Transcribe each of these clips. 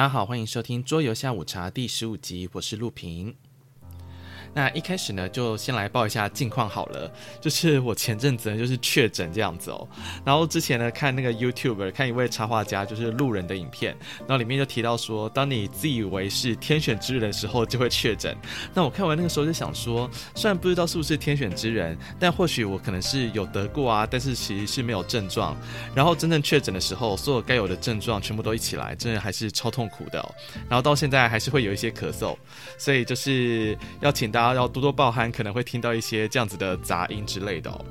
大家好，歡迎收聽《桌遊下午茶》第十五集，我是陸平。那一開始呢，就先來報一下近況好了。就是我前陣子呢就是確診這樣子哦。然後之前呢，看那個 YouTuber，看一位插畫家，就是路人的影片，然後裡面就提到說，當你自以為是天選之人的時候，就會確診。那我看完那個時候就想說，雖然不知道是不是天選之人，但或許我可能是有得過啊，但是其實是沒有症狀。然後真正確診的時候，所有該有的症狀全部都一起來，真的還是超痛苦的哦。然後到現在還是會有一些咳嗽，所以就是要請大家。大家要多多包涵，可能會聽到一些這樣子的雜音之類的哦、喔。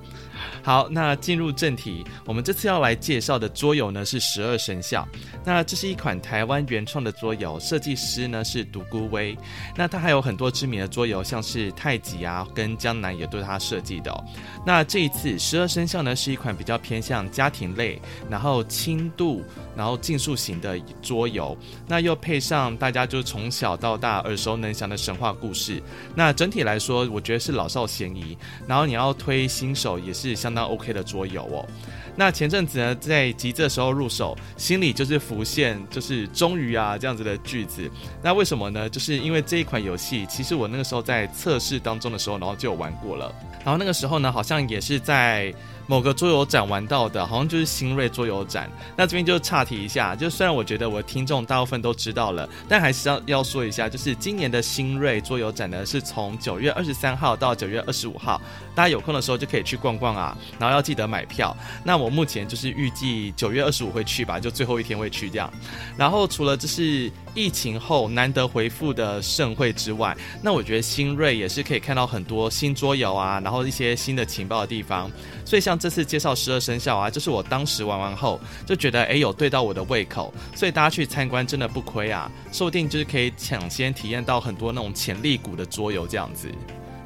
好，那進入正題，我們這次要來介紹的桌遊呢是十二生肖。那這是一款台灣原創的桌遊，設計師呢是獨孤威。那他還有很多知名的桌遊，像是太極啊跟江南也都是他設計的哦。那這一次十二生肖呢，是一款比較偏向家庭類，然後輕度，然後競速型的桌遊。那又配上大家就從小到大耳熟能詳的神話故事。那整體來說，我覺得是老少咸宜。然後你要推新手也是。是相當 OK 的桌遊喔，那前陣子呢，在急這時候入手，心裡就是浮現就是終於啊這樣子的句子。那為什麼呢？就是因為這一款遊戲，其實我那個時候在測試當中的時候，然後就有玩過了。然後那個時候呢，好像也是在。某個桌遊展玩到的，好像就是新銳桌遊展。那這邊就岔題一下，就雖然我覺得我聽眾大部分都知道了，但還是要要說一下，就是今年的新銳桌遊展呢，是從九月二十三號到九月二十五號，大家有空的時候就可以去逛逛啊，然後要記得買票。那我目前就是預計九月二十五會去吧，就最後一天會去這樣。然後除了就是。疫情後難得回復的盛會之外，那我覺得新銳也是可以看到很多新桌遊啊，然後一些新的情報的地方。所以像這次介紹十二生肖啊，就是我當時玩完後就覺得，哎，有對到我的胃口。所以大家去參觀真的不虧啊，說不定就是可以搶先體驗到很多那種潛力股的桌遊這樣子。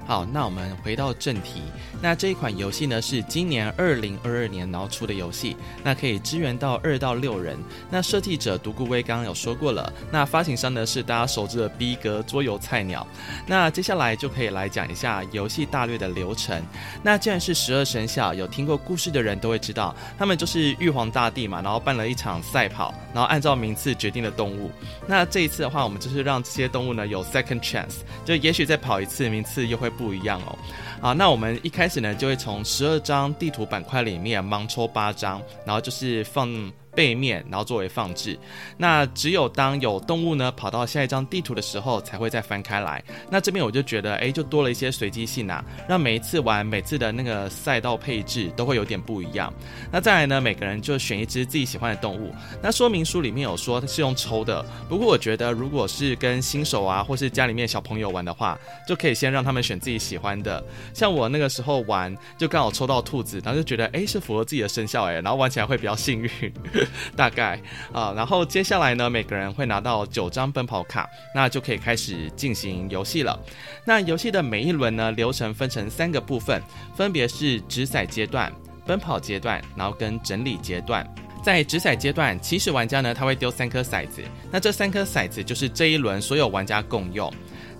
好，那我們回到正題。那這一款遊戲呢是今年二零二二年然後出的遊戲，那可以支援到二到六人。那設計者獨孤威剛剛有說過了。那發行商呢是大家熟知的逼格桌遊菜鳥。那接下來就可以來講一下遊戲大略的流程。那既然是十二生肖，有聽過故事的人都會知道，他們就是玉皇大帝嘛，然後辦了一場賽跑，然後按照名次決定了動物。那這一次的話，我們就是讓這些動物呢有 second chance，就也許再跑一次，名次又會。不一樣哦！好、啊，那我們一開始呢，就會從十二張地圖板塊裡面盲抽八張，然後就是放。背面，然後作為放置。那只有當有動物呢跑到下一張地圖的時候，才會再翻開來。那這邊我就覺得，欸，就多了一些隨機性啊，讓每一次玩，每次的那個賽道配置都會有點不一樣。那再來呢，每個人就選一隻自己喜歡的動物。那說明書裡面有說它是用抽的，不過我覺得如果是跟新手啊，或是家裡面小朋友玩的話，就可以先讓他們選自己喜歡的。像我那個時候玩，就剛好抽到兔子，然後就覺得，欸，是符合自己的生肖欸，然後玩起來會比較幸運。 大概啊、哦，然後接下來呢，每個人會拿到九張奔跑卡，那就可以開始進行遊戲了。那遊戲的每一輪呢，流程分成三個部分，分別是擲骰階段、奔跑階段，然後跟整理階段。在擲骰階段，起始玩家呢，他會丟三顆骰子，那這三顆骰子就是這一輪所有玩家共用。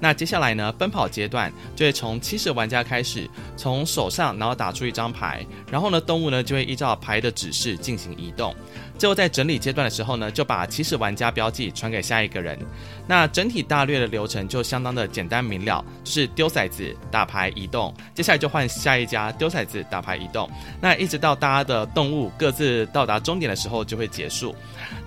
那接下來呢，奔跑階段就會從起始玩家開始，從手上然後打出一張牌，然後呢動物呢就會依照牌的指示進行移動。最後在整理階段的時候呢，就把起始玩家標記傳給下一個人。那整體大略的流程就相當的簡單明了，就是丟骰子、打牌、移動。接下來就換下一家丟骰子、打牌、移動。那一直到大家的動物各自到達終點的時候就會結束。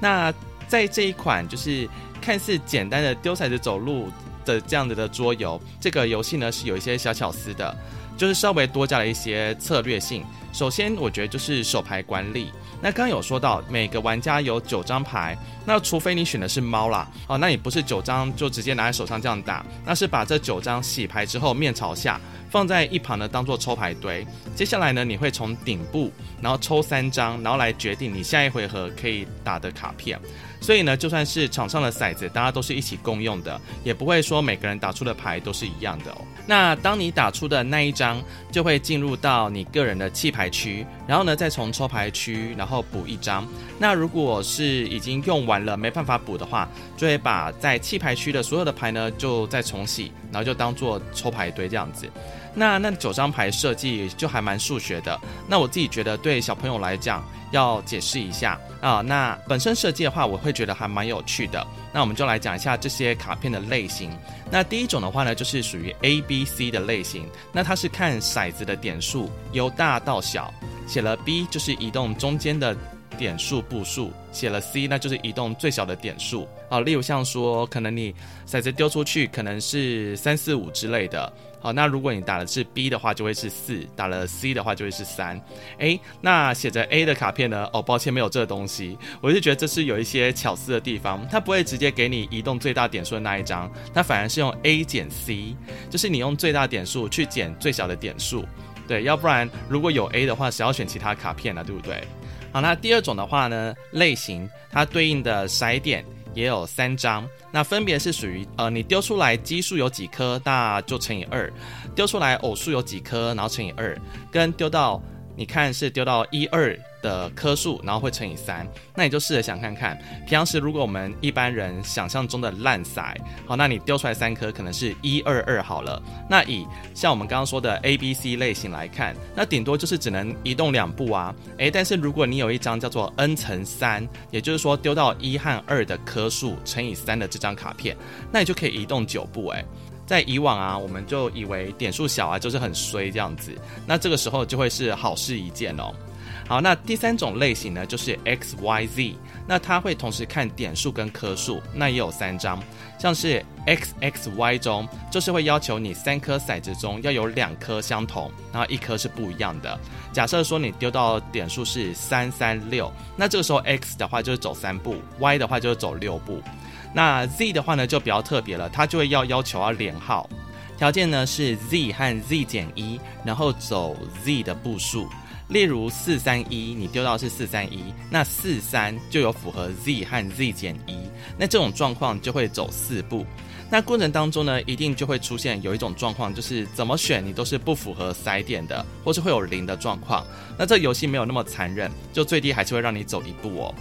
那在這一款就是看似簡單的丟骰子走路。的這樣子的桌遊，這個遊戲呢是有一些小巧思的，就是稍微多加了一些策略性。首先，我覺得就是手牌管理。那剛剛有說到，每個玩家有九張牌，那除非你選的是貓啦，哦，那你不是九張就直接拿在手上這樣打，那是把這九張洗牌之後面朝下放在一旁呢當做抽牌堆。接下來呢，你會從頂部然後抽三張，然後來決定你下一回合可以打的卡片。所以呢，就算是場上的骰子，大家都是一起共用的，也不會說每個人打出的牌都是一樣的哦。那當你打出的那一張，就會進入到你個人的棄牌區，然後呢，再從抽牌區然後補一張。那如果是已經用完了沒辦法補的話，就會把在棄牌區的所有的牌呢，就再重洗，然後就當做抽牌堆這樣子。那那九張牌設計就還蠻數學的。那我自己覺得對小朋友來講。要解釋一下啊，那本身設計的話，我會覺得還蠻有趣的。那我們就來講一下這些卡片的類型。那第一種的話呢，就是屬於 ABC 的類型。那它是看骰子的點數由大到小，寫了 B 就是移動中間的點數步數，寫了 C 那就是移動最小的點數啊。例如像說，可能你骰子丟出去可能是三四五之類的。好，那如果你打的是 B 的話，就會是四；打了 C 的話，就會是三。哎、欸，那寫着 A 的卡片呢？哦，抱歉，沒有這個東西。我就覺得這是有一些巧思的地方，它不會直接給你移動最大點數的那一張，它反而是用 A 減 C，就是你用最大點數去減最小的點數。對，要不然如果有 A 的話，是要選其他卡片的、啊，對不對？好，那第二種的話呢，類型它對應的骰點，也有三張，那分別是屬於呃，你丟出來奇數有幾顆，那就乘以二；丟出來偶數有幾顆，然後乘以二。跟丟到。你看是丟到一二的顆數，然後會乘以三，那你就試着想看看，平常時如果我們一般人想象中的爛骰，好，那你丟出來三顆可能是一二二好了。那以像我們剛剛說的 A B C 類型來看，那頂多就是只能移動兩步啊。誒、欸，但是如果你有一張叫做 N 乘三，也就是說丟到一和二的顆數乘以三的這張卡片，那你就可以移動九步誒、欸。在以往啊，我們就以為點數小啊就是很衰這樣子，那這個時候就會是好事一件哦。好，那第三種類型呢，就是 X Y Z，那它會同時看點數跟顆數，那也有三張，像是 X X Y 中，就是會要求你三顆骰子中要有兩顆相同，然後一顆是不一樣的。假設說你丟到點數是三三六，那這個時候 X 的話就是走三步，Y 的話就是走六步。那 Z 的話呢，就比較特別了，它就會要要求要連號，條件呢是 Z 和 Z 減一，然後走 Z 的步數。例如四三一，你丟到是四三一，那四三就有符合 Z 和 Z 減一，那這種狀況就會走四步。那過程當中呢，一定就會出現有一種狀況，就是怎麼選你都是不符合骰點的，或是會有零的狀況。那這遊戲沒有那麼殘忍，就最低還是會讓你走一步哦。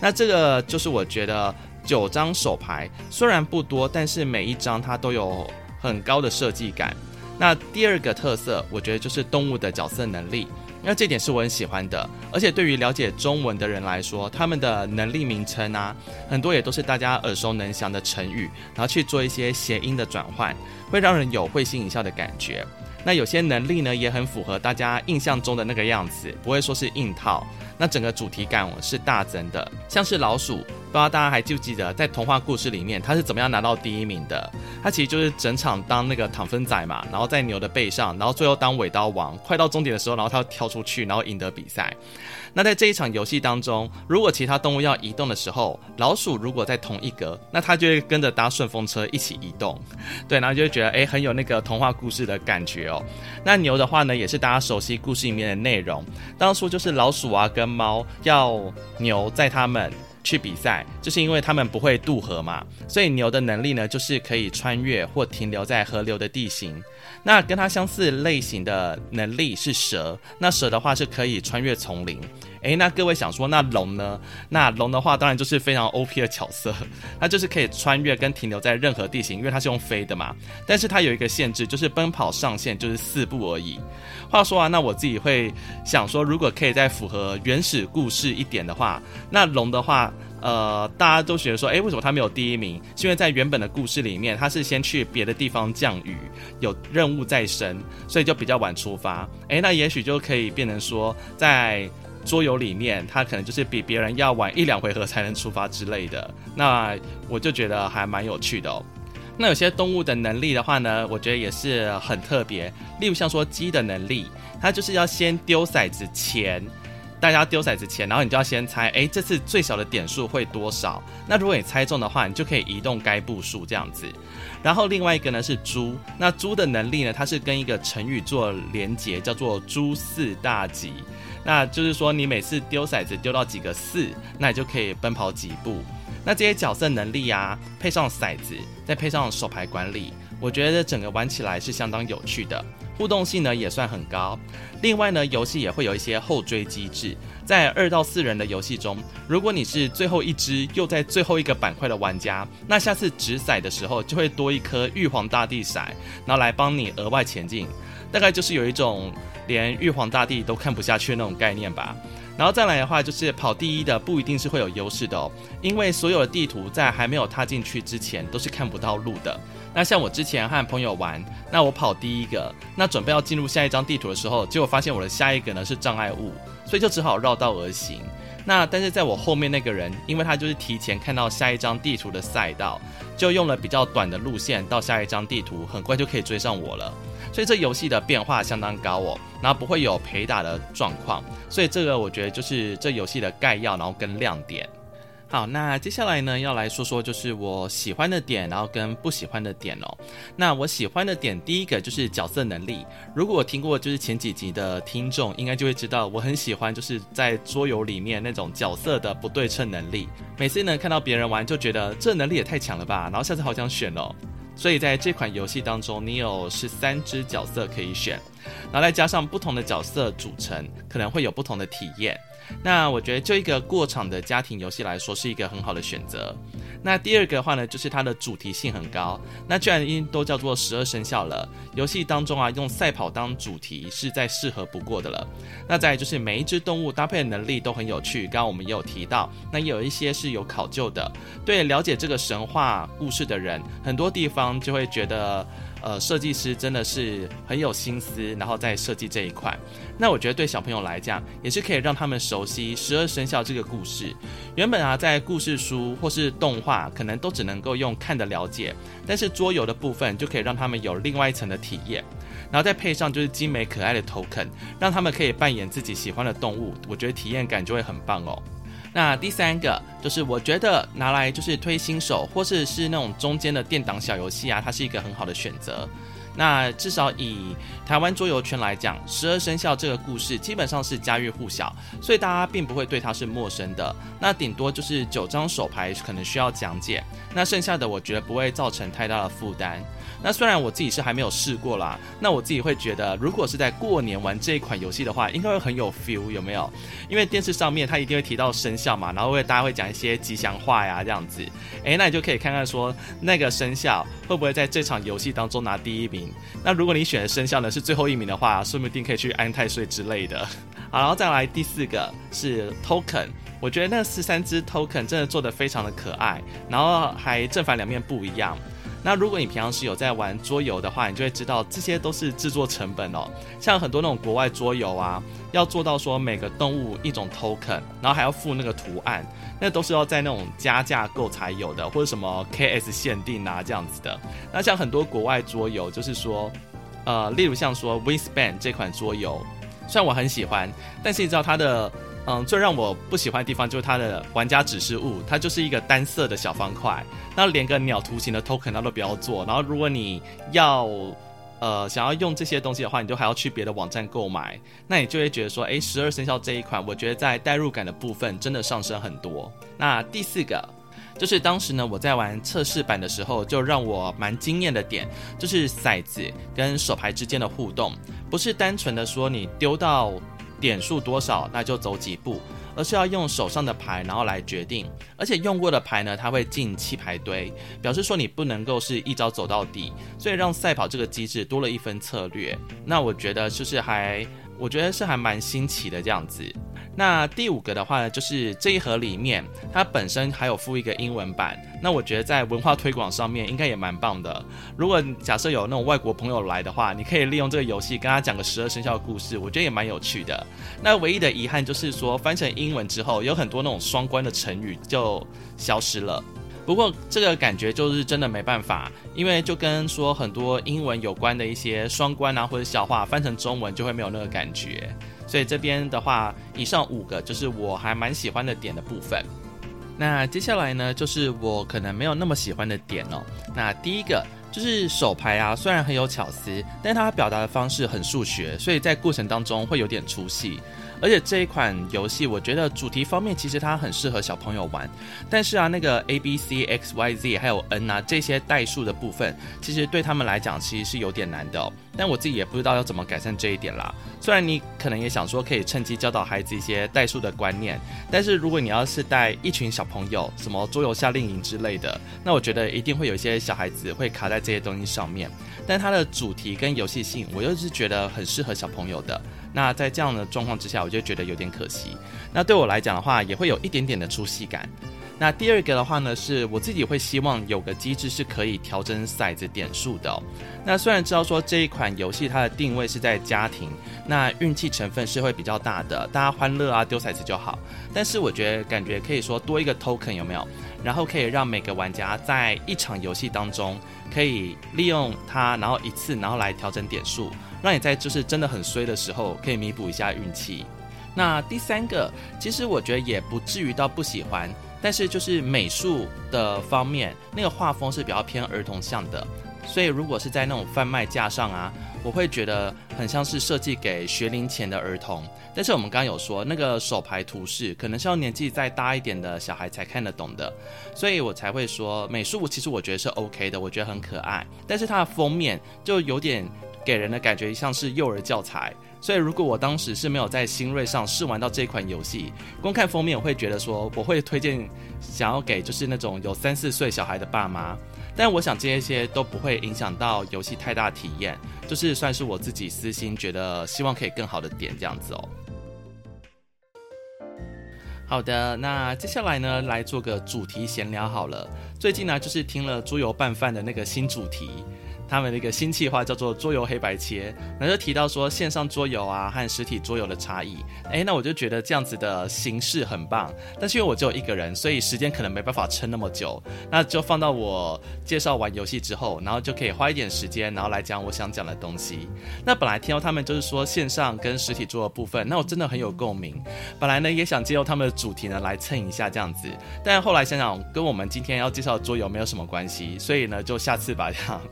那這個就是我覺得。九張手牌雖然不多，但是每一張它都有很高的設計感。那第二個特色，我覺得就是動物的角色能力，那這點是我很喜歡的。而且對於了解中文的人來說，他們的能力名稱啊，很多也都是大家耳熟能詳的成語，然後去做一些諧音的轉換，會讓人有會心一笑的感覺。那有些能力呢，也很符合大家印象中的那個樣子，不會說是硬套。那整個主題感是大增的，像是老鼠。不知道大家還記不記得，在童話故事裡面，他是怎麼樣拿到第一名的？他其實就是整場當那個躺分仔嘛，然後在牛的背上，然後最後當尾刀王。快到終點的時候，然後他要跳出去，然後贏得比賽。那在這一場遊戲當中，如果其他動物要移動的時候，老鼠如果在同一格，那他就會跟着搭順風車一起移動。對，然後就會覺得哎、欸，很有那個童話故事的感覺哦、喔。那牛的話呢，也是大家熟悉故事裡面的內容。當初就是老鼠啊跟貓要牛載他們。去比賽，就是因為他們不會渡河嘛，所以牛的能力呢，就是可以穿越或停留在河流的地形。那跟它相似類型的能力是蛇，那蛇的話是可以穿越叢林。誒，那各位想說，那龍呢？那龍的話，當然就是非常 OP 的角色，它就是可以穿越跟停留在任何地形，因為它是用飛的嘛。但是它有一個限制，就是奔跑上限就是四步而已。話說啊，那我自己會想說，如果可以再符合原始故事一點的話，那龍的話，呃，大家都覺得說，誒，為什麼它沒有第一名？是因為在原本的故事裡面，它是先去別的地方降雨，有任務在身，所以就比較晚出發。誒，那也許就可以變成說，在桌遊裡面，它可能就是比別人要晚一兩回合才能出發之類的。那我就覺得還蠻有趣的哦、喔。那有些動物的能力的話呢，我覺得也是很特別。例如像說雞的能力，它就是要先丟骰子前，大家丟骰子前，然後你就要先猜，哎、欸，這次最小的點數會多少？那如果你猜中的話，你就可以移動該步數這樣子。然後另外一個呢是豬，那豬的能力呢，它是跟一個成語做連結，叫做“豬事大吉。那就是說，你每次丟骰子丟到幾個四，那你就可以奔跑幾步。那這些角色能力啊，配上骰子，再配上手牌管理，我覺得整個玩起來是相當有趣的。互動性呢也算很高，另外呢遊戲也會有一些後追機制，在二到四人的遊戲中，如果你是最後一隻又在最後一個板塊的玩家，那下次擲骰的時候就會多一顆玉皇大帝骰，然後來幫你額外前進，大概就是有一種連玉皇大帝都看不下去的那種概念吧。然後再來的話，就是跑第一的不一定是會有優勢的哦，因為所有的地圖在還沒有踏進去之前，都是看不到路的。那像我之前和朋友玩，那我跑第一個，那準備要進入下一張地圖的時候，結果發現我的下一個呢是障礙物，所以就只好繞道而行。那但是在我後面那個人，因為他就是提前看到下一張地圖的賽道，就用了比較短的路線到下一張地圖，很快就可以追上我了。所以這遊戲的變化相當高哦，然後不會有陪打的狀況，所以這個我覺得就是這遊戲的概要，然後跟亮點。好，那接下來呢，要來說說就是我喜歡的點，然後跟不喜歡的點哦。那我喜歡的點第一個就是角色能力，如果我聽過就是前幾集的聽眾應該就會知道，我很喜歡就是在桌遊裡面那種角色的不對稱能力，每次呢，看到別人玩就覺得這能力也太強了吧，然後下次好想選哦。所以在這款遊戲當中，你有十三隻角色可以選。然後再加上不同的角色組成，可能會有不同的體驗。那我覺得，就一個過場的家庭遊戲來說，是一個很好的選擇。那第二個的話呢，就是它的主題性很高。那既然都叫做十二生肖了，遊戲當中啊，用賽跑當主題是再適合不過的了。那再就是每一隻動物搭配的能力都很有趣。剛剛我們也有提到，那也有一些是有考究的。對了解這個神話故事的人，很多地方就會覺得。呃，設計師真的是很有心思，然後在設計這一塊。那我覺得對小朋友來講，也是可以讓他們熟悉十二生肖這個故事。原本啊，在故事書或是動畫，可能都只能夠用看的了解，但是桌遊的部分就可以讓他們有另外一層的體驗。然後再配上就是精美可愛的 token，讓他們可以扮演自己喜歡的動物，我覺得體驗感就會很棒哦。那第三個就是，我覺得拿來就是推新手，或是是那種中間的墊檔小遊戲啊，它是一個很好的選擇。那至少以台灣桌遊圈來講，《十二生肖》這個故事基本上是家喻戶曉，所以大家並不會對它是陌生的。那頂多就是九張手牌可能需要講解，那剩下的我覺得不會造成太大的負擔。那雖然我自己是還沒有試過啦，那我自己會覺得，如果是在過年玩這一款遊戲的話，應該會很有 feel，有沒有？因為電視上面他一定會提到生肖嘛，然後會大家會講一些吉祥話呀，這樣子。哎，那你就可以看看說，那個生肖會不會在這場遊戲當中拿第一名？那如果你選的生肖呢是最後一名的話，說不定可以去安太歲之類的。好，然後再來第四個是 token，我覺得那十三隻 token 真的做得非常的可愛，然後還正反兩面不一樣。那如果你平常是有在玩桌遊的話，你就會知道這些都是製作成本哦。像很多那種國外桌遊啊，要做到說每個動物一種 token，然後還要附那個圖案，那都是要在那種加價購才有的，或者什麼 KS 限定啊這樣子的。那像很多國外桌遊，就是說，呃，例如像說 Wingspan 這款桌遊，雖然我很喜歡，但是你知道它的。嗯，最讓我不喜歡的地方就是它的玩家指示物，它就是一個單色的小方塊，那連個鳥圖形的 token 它都不要做。然後，如果你要呃想要用這些東西的話，你就還要去別的網站購買，那你就會覺得說，誒，十二生肖這一款，我覺得在代入感的部分真的上升很多。那第四個就是當時呢，我在玩測試版的時候，就讓我蠻驚艷的點就是骰子跟手牌之間的互動，不是單純的說你丟到。點數多少，那就走幾步，而是要用手上的牌，然後來決定。而且用過的牌呢，它會進棄牌堆，表示說你不能夠是一招走到底，所以讓賽跑這個機制多了一分策略。那我覺得就是還，我覺得是還蠻新奇的這樣子。那第五個的話呢，就是這一盒裡面它本身還有附一個英文版。那我覺得在文化推廣上面應該也蠻棒的。如果假設有那種外國朋友來的話，你可以利用這個遊戲跟他講個十二生肖的故事，我覺得也蠻有趣的。那唯一的遺憾就是說翻成英文之後，有很多那種雙關的成語就消失了。不過這個感覺就是真的沒辦法，因為就跟說很多英文有關的一些雙關啊或者笑話，翻成中文就會沒有那個感覺。所以這邊的話，以上五個就是我還蠻喜歡的點的部分。那接下來呢，就是我可能沒有那麼喜歡的點哦、喔。那第一個就是手牌啊，雖然很有巧思，但是它表達的方式很數學，所以在過程當中會有點出戲。而且這一款遊戲，我覺得主題方面其實它很適合小朋友玩，但是啊，那個 A B C X Y Z 還有 N 啊這些代數的部分，其實對他們來講其實是有點難的哦。但我自己也不知道要怎麼改善這一點啦。雖然你可能也想說可以趁機教導孩子一些代數的觀念，但是如果你要是帶一群小朋友，什麼桌遊夏令營之類的，那我覺得一定會有一些小孩子會卡在這些東西上面。但它的主題跟遊戲性，我又是覺得很適合小朋友的。那在這樣的狀況之下，我就覺得有點可惜。那對我來講的話，也會有一點點的出戲感。那第二個的話呢，是我自己會希望有個機制是可以調整骰子點數的哦。那雖然知道說這一款遊戲它的定位是在家庭，那運氣成分是會比較大的，大家歡樂啊，丟骰子就好。但是我覺得感覺可以說多一個 token 有沒有，然後可以讓每個玩家在一場遊戲當中可以利用它，然後一次然後來調整點數，讓你在就是真的很衰的時候可以彌補一下運氣。那第三個，其實我覺得也不至於到不喜歡。但是就是美術的方面，那個畫風是比較偏兒童向的，所以如果是在那種販賣架上啊，我會覺得很像是設計給學齡前的兒童。但是我們剛剛有說，那個手牌圖示可能是要年紀再大一點的小孩才看得懂的，所以我才會說美術其實我覺得是 OK 的，我覺得很可愛。但是它的封面就有點給人的感覺像是幼兒教材。所以，如果我當時是沒有在新銳上試玩到這款遊戲，光看封面，我會覺得說，我會推薦想要給就是那種有三四歲小孩的爸媽。但我想這些都不會影響到遊戲太大體驗，就是算是我自己私心覺得希望可以更好的點這樣子哦、喔。好的，那接下來呢來做個主題閒聊好了。最近呢就是聽了豬油拌飯的那個新主題。他們的一個新企劃叫做桌遊黑白切，然後就提到說線上桌遊啊和實體桌遊的差異。哎、欸，那我就覺得這樣子的形式很棒，但是因為我只有一個人，所以時間可能沒辦法撐那麼久，那就放到我介紹完遊戲之後，然後就可以花一點時間，然後來講我想講的東西。那本來聽到他們就是說線上跟實體桌的部分，那我真的很有共鳴。本來呢也想借由他們的主題呢來蹭一下這樣子，但後來想想跟我們今天要介紹桌遊沒有什麼關係，所以呢就下次吧這樣。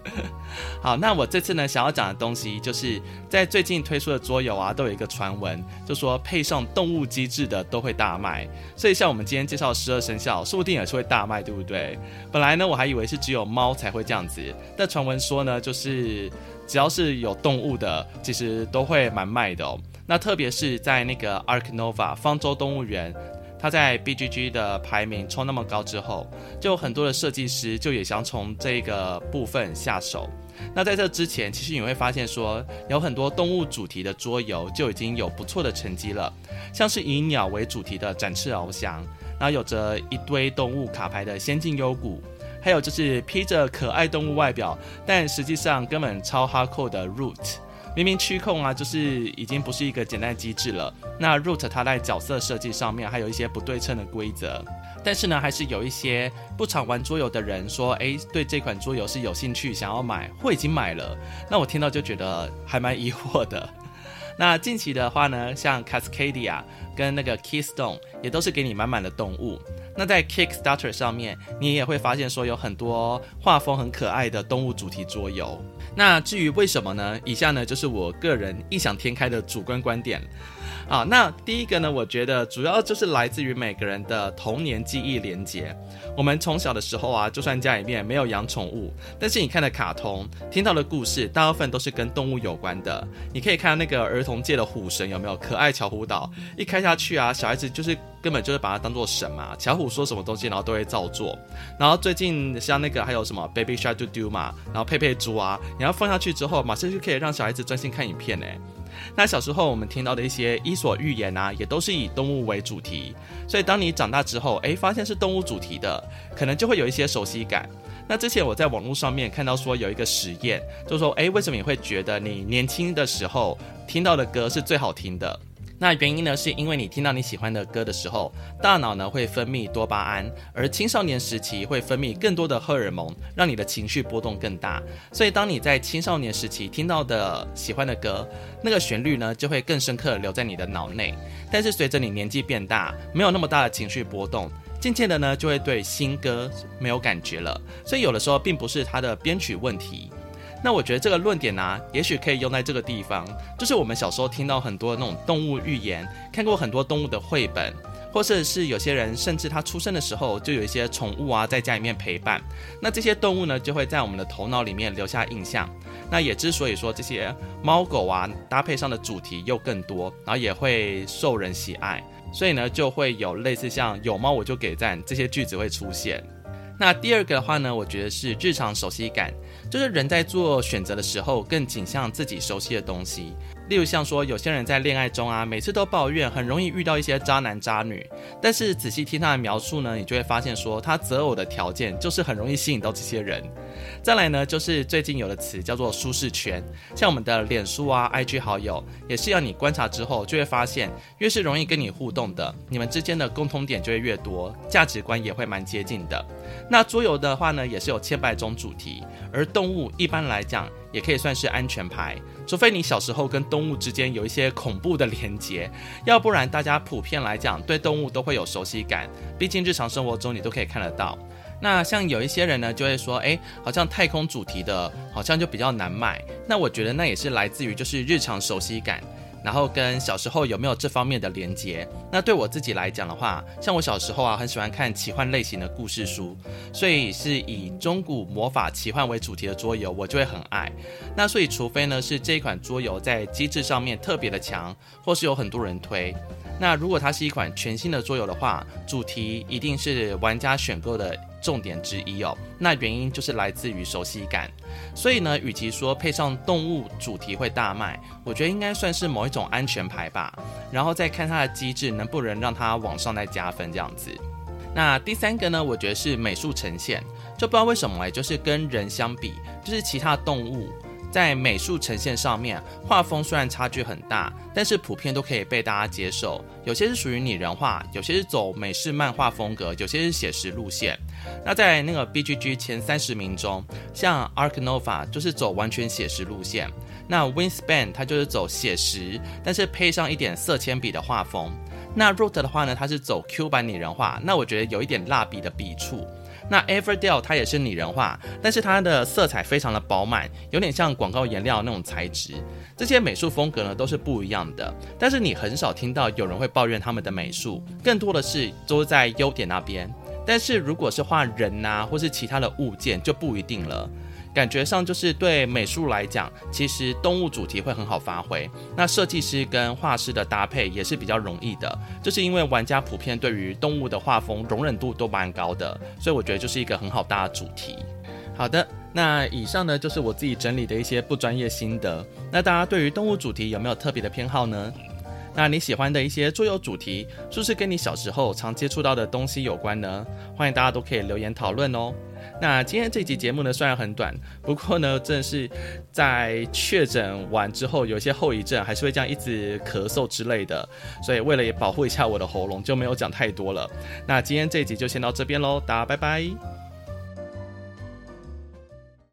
好，那我這次呢，想要講的東西，就是在最近推出的桌遊啊，都有一個傳聞，就說配上動物機制的都會大賣。所以像我們今天介紹十二生肖，說不定也是會大賣，對不對？本來呢，我還以為是只有貓才會這樣子，但傳聞說呢，就是只要是有動物的，其實都會蠻賣的哦。那特別是在那個 Ark Nova 方舟動物園，它在 BGG 的排名衝那麼高之後，就有很多的設計師就也想從這個部分下手。那在這之前，其實你會發現說，說有很多動物主題的桌遊就已經有不錯的成績了，像是以鳥為主題的展翅翱翔，然後有着一堆動物卡牌的仙境幽谷，還有就是披着可愛動物外表，但實際上根本超哈扣的 Root。明明區控啊，就是已經不是一個簡單機制了。那 Root 它在角色設計上面還有一些不對稱的規則，但是呢，還是有一些不常玩桌遊的人說，哎，對這款桌遊是有興趣，想要買，或已經買了。那我聽到就覺得還蠻疑惑的。那近期的話呢，像 Cascadia 跟那個 Keystone 也都是給你滿滿的動物。那在 Kickstarter 上面，你也會發現說有很多畫風很可愛的動物主題桌遊。那至於為什麼呢？以下呢就是我個人異想天開的主觀觀點。好、啊，那第一個呢，我覺得主要就是來自於每個人的童年記憶連結。我們從小的時候啊，就算家裡面沒有養寵物，但是你看的卡通、聽到的故事，大部分都是跟動物有關的。你可以看到那個兒童界的虎神有沒有，可愛巧虎島，一開下去啊，小孩子就是根本就是把它當作神嘛。巧虎說什麼東西，然後都會照做。然後最近像那個還有什麼 Baby Shark 嘟嘟嘛，然後佩佩豬啊，然後放下去之後，馬上就可以讓小孩子專心看影片呢，欸。那小時候我們聽到的一些伊索寓言啊，也都是以動物為主題，所以當你長大之後，哎，發現是動物主題的，可能就會有一些熟悉感。那之前我在網絡上面看到說有一個實驗，就說，哎，為什麼你會覺得你年輕的時候聽到的歌是最好聽的？那原因呢，是因為你聽到你喜歡的歌的時候，大腦呢會分泌多巴胺，而青少年時期會分泌更多的荷爾蒙，讓你的情緒波動更大。所以，當你在青少年時期聽到的喜歡的歌，那個旋律呢就會更深刻留在你的腦內。但是隨着你年紀變大，沒有那麼大的情緒波動，漸漸的呢就會對新歌沒有感覺了。所以有的時候並不是它的編曲問題。那我覺得這個論點呢，啊，也許可以用在這個地方，就是我們小時候聽到很多那種動物寓言，看過很多動物的繪本，或者是，是有些人甚至他出生的時候就有一些寵物啊在家裡面陪伴，那這些動物呢就會在我們的頭腦裡面留下印象。那也之所以說，這些貓狗啊搭配上的主題又更多，然後也會受人喜愛，所以呢就會有類似像有貓我就給讚，這些句子會出現。那第二個的話呢，我覺得是日常熟悉感，就是人在做選擇的時候，更傾向自己熟悉的東西。例如像說，有些人在戀愛中啊，每次都抱怨很容易遇到一些渣男渣女，但是仔細聽他的描述呢，你就會發現說，他擇偶的條件就是很容易吸引到這些人。再來呢，就是最近有的詞叫做舒適圈，像我們的臉書啊、IG 好友，也是要你觀察之後，就會發現越是容易跟你互動的，你們之間的共通點就會越多，價值觀也會蠻接近的。那桌遊的話呢，也是有千百種主題，而動物一般來講，也可以算是安全牌。除非你小時候跟動物之間有一些恐怖的連結，要不然大家普遍來講對動物都會有熟悉感，畢竟日常生活中你都可以看得到。那像有一些人呢，就會說，誒、欸，好像太空主題的，好像就比較難賣。那我覺得那也是來自於就是日常熟悉感。然後跟小時候有沒有這方面的連結？那對我自己來講的話，像我小時候啊，很喜歡看奇幻類型的故事書，所以是以中古魔法奇幻為主題的桌遊，我就會很愛。那所以，除非呢是這一款桌遊在機制上面特別的強，或是有很多人推。那如果它是一款全新的桌遊的話，主題一定是玩家選購的重點之一哦。那原因就是來自於熟悉感。所以呢，與其說配上動物主題會大賣，我覺得應該算是某一種安全牌吧。然後再看它的機制能不能讓它往上再加分這樣子。那第三個呢，我覺得是美術呈現，就不知道為什麼欸，就是跟人相比，就是其他動物。在美術呈現上面，畫風雖然差距很大，但是普遍都可以被大家接受。有些是屬於擬人化，有些是走美式漫畫風格，有些是寫實路線。那在那個 BGG 前三十名中，像 Ark Nova 就是走完全寫實路線，那 Wingspan 它就是走寫實，但是配上一點色鉛筆的畫風。那 Root 的話呢，它是走 Q 版擬人化，那我覺得有一點蠟筆的筆觸。那 Everdell 它也是擬人化，但是它的色彩非常的飽滿，有點像廣告顏料那種材質。這些美術風格呢都是不一樣的，但是你很少聽到有人會抱怨他們的美術，更多的是都在優點那邊。但是如果是畫人吶、啊，或是其他的物件，就不一定了。感覺上就是對美術來講，其實動物主題會很好發揮。那設計師跟畫師的搭配也是比較容易的，就是因為玩家普遍對於動物的畫風容忍度都蠻高的，所以我覺得就是一個很好搭的主題。好的，那以上呢就是我自己整理的一些不專業心得。那大家對於動物主題有沒有特別的偏好呢？那你喜歡的一些桌遊主題，是不是跟你小時候常接觸到的東西有關呢？歡迎大家都可以留言討論哦。那今天這集節目呢，雖然很短，不過呢，正是在確診完之後，有些後遺症，還是會這樣一直咳嗽之類的，所以為了也保護一下我的喉嚨，就沒有講太多了。那今天這集就先到這邊嘍，大家拜拜。